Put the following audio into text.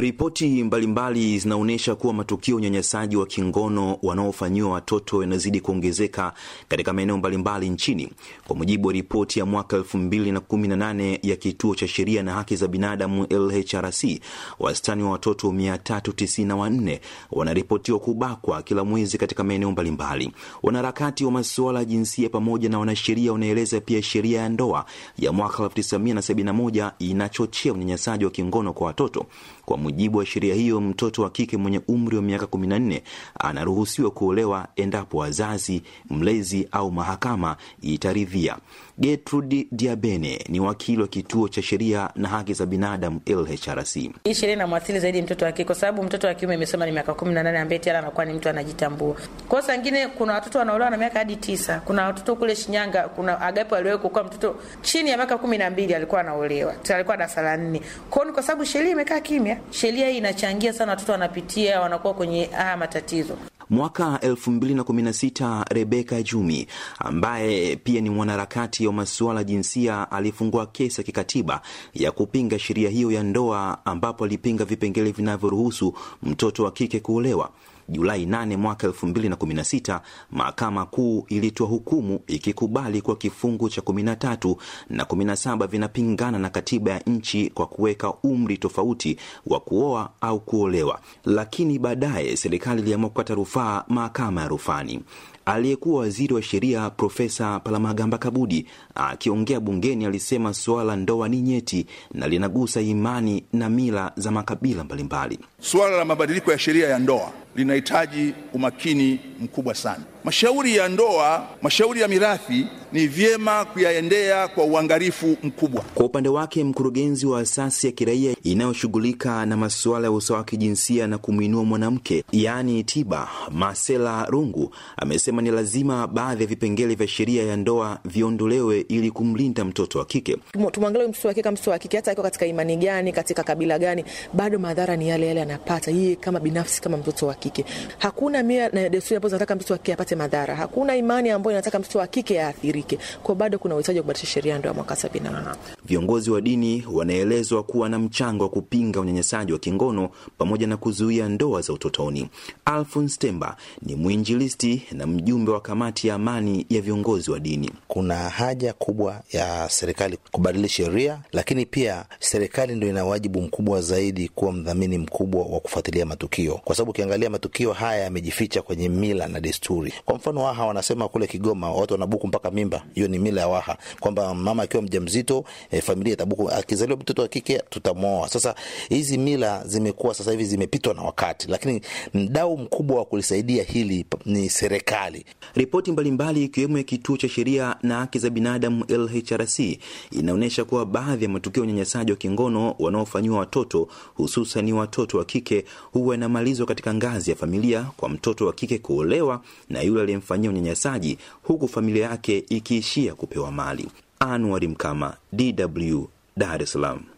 Ripoti mbalimbali zinaonyesha kuwa matukio ya unyanyasaji wa kingono wanaofanyiwa watoto yanazidi kuongezeka katika maeneo mbalimbali nchini. Kwa mujibu wa ripoti ya mwaka 2018 ya kituo cha sheria na haki za binadamu LHRC, wastani wa watoto 394 wanaripotiwa kubakwa kila mwezi katika maeneo mbalimbali. Wanaharakati wa masuala ya jinsia pamoja na wanasheria wanaeleza pia sheria ya ndoa ya mwaka 1971 inachochea unyanyasaji wa kingono kwa watoto kwa mujibu wa sheria hiyo, mtoto wa kike mwenye umri wa miaka 14 anaruhusiwa kuolewa endapo wazazi, mlezi au mahakama itaridhia. Gertrude Diabene ni wakili wa kituo cha sheria na haki za binadamu LHRC. Hii sheria inamwathiri zaidi mtoto wa kike kwa sababu mtoto wa kiume imesema ni miaka 18 ambaye tayari anakuwa ni mtu anajitambua. Kosa ingine, kuna watoto wanaolewa na miaka hadi tisa. Kuna watoto kule Shinyanga, kuna Agapo aliwahi kuokoa mtoto chini ya miaka 12 alikuwa anaolewa, alikuwa darasa la 4. Kwa hiyo kwa sababu sheria imekaa kimya sheria hii inachangia sana, watoto wanapitia wanakuwa kwenye haya ah, matatizo. Mwaka 2016 Rebeka Jumi ambaye pia ni mwanaharakati wa masuala jinsia alifungua kesi ya kikatiba ya kupinga sheria hiyo ya ndoa, ambapo alipinga vipengele vinavyoruhusu mtoto wa kike kuolewa. Julai 8 mwaka 2016 mahakama kuu ilitoa hukumu ikikubali kwa kifungu cha 13 na 17 vinapingana na katiba ya nchi kwa kuweka umri tofauti wa kuoa au kuolewa, lakini baadaye serikali iliamua kukata rufaa mahakama ya rufani. Aliyekuwa waziri wa sheria Profesa Palamagamba Kabudi akiongea bungeni alisema suala ndoa ni nyeti na linagusa imani na mila za makabila mbalimbali. Suala la mabadiliko ya sheria ya ndoa linahitaji umakini mkubwa sana. Mashauri ya ndoa, mashauri ya mirathi ni vyema kuyaendea kwa uangalifu mkubwa. Kwa upande wake, mkurugenzi wa asasi ya kiraia inayoshughulika na masuala ya usawa wa kijinsia na kumwinua mwanamke, yaani TIBA, Marcela Rungu, amesema ni lazima baadhi ya vipengele vya sheria ya ndoa viondolewe ili kumlinda mtoto wa kike. Tumwangalie mtoto wa kike, mtoto wa kike, hata iko katika imani gani, katika kabila gani, bado madhara ni yale yale anapata yeye kama binafsi, kama mtoto wa kike. Hakuna mila na desturi ambazo nataka mtoto wa kike apate apate madhara. Hakuna imani ambayo inataka mtoto wa kike aathirike, kwa bado kuna uhitaji wa kubadilisha sheria ndoa ya mwaka sabini na Viongozi wa dini wanaelezwa kuwa na mchango wa kupinga unyanyasaji wa kingono pamoja na kuzuia ndoa za utotoni. Alphonse Temba ni mwinjilisti na mjumbe wa kamati ya amani ya viongozi wa dini. Kuna haja kubwa ya serikali kubadili sheria, lakini pia serikali ndio ina wajibu mkubwa zaidi kuwa mdhamini mkubwa wa kufuatilia matukio, kwa sababu ukiangalia matukio haya yamejificha kwenye mila na desturi. Kwa mfano Waha wanasema kule Kigoma watu wanabuku mpaka mimba, hiyo ni mila ya Waha kwamba mama akiwa mjamzito e, familia itabuku, akizaliwa mtoto wa kike tutamwoa. Sasa hizi mila zimekuwa sasa hivi zimepitwa na wakati, lakini mdau mkubwa wa kulisaidia hili ni serikali. Ripoti mbalimbali ikiwemo ya kituo cha sheria na haki za binadamu LHRC inaonyesha kuwa baadhi ya matukio ya unyanyasaji wa kingono wanaofanyiwa watoto hususan ni watoto wa kike huwa inamalizwa katika ngazi ya familia kwa mtoto wa kike kuolewa na yule aliyemfanyia unyanyasaji huku familia yake ikiishia kupewa mali. Anwar Mkama, DW, Dar es Salaam.